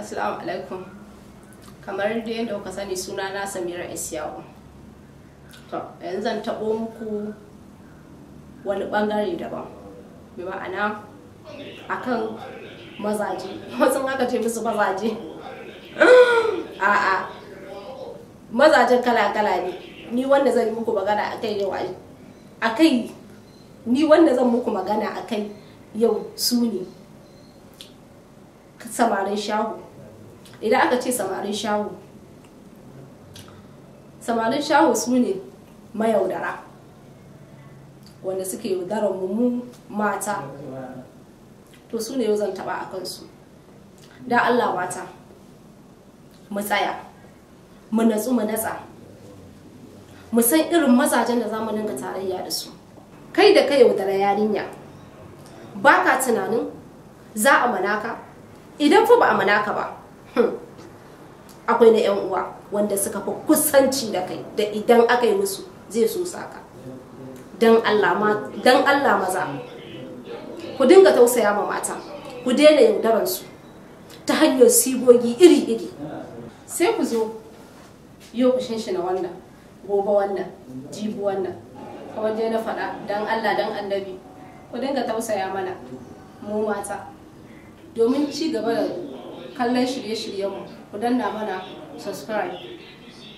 Assalamu alaikum. Kamar dai yadda kuka sani suna na Samira Isyawo. To, yanzu zan taɓo muku wani ɓangare daban. Bi ma'ana akan mazaje. Wasu aka ce musu mazaje. A'a. Mazajen kala-kala ne. Ni wanda zan yi muku magana a kai yau a kai ni wanda zan muku magana a kai yau su ne samarin shahu idan aka ce samarin shaho samarin shaho su ne mayaudara wanda suke yaudarar mu mata to su ne yau zan taba a kansu da allah mata mu tsaya mu natsu mu natsa mu san irin mazajen da zamu dinga tarayya da su kai da kai yaudara yarinya ba ka tunanin za a manaka idan fa ba a manaka ba Hmm. akwai na 'yan uwa wanda suka fi kusanci da kai da idan aka yi musu zai so saka don allah maza ku dinga tausaya ma mata ku daina yaudaransu ta hanyar sigogi iri-iri sai ku zo yau ku shinshina wannan gobe wannan jibu wannan kamar dai na faɗa don allah don annabi ku dinga tausaya mana mu mata domin ci gaba da kallon shirye-shiryenmu ku danna mana subscribe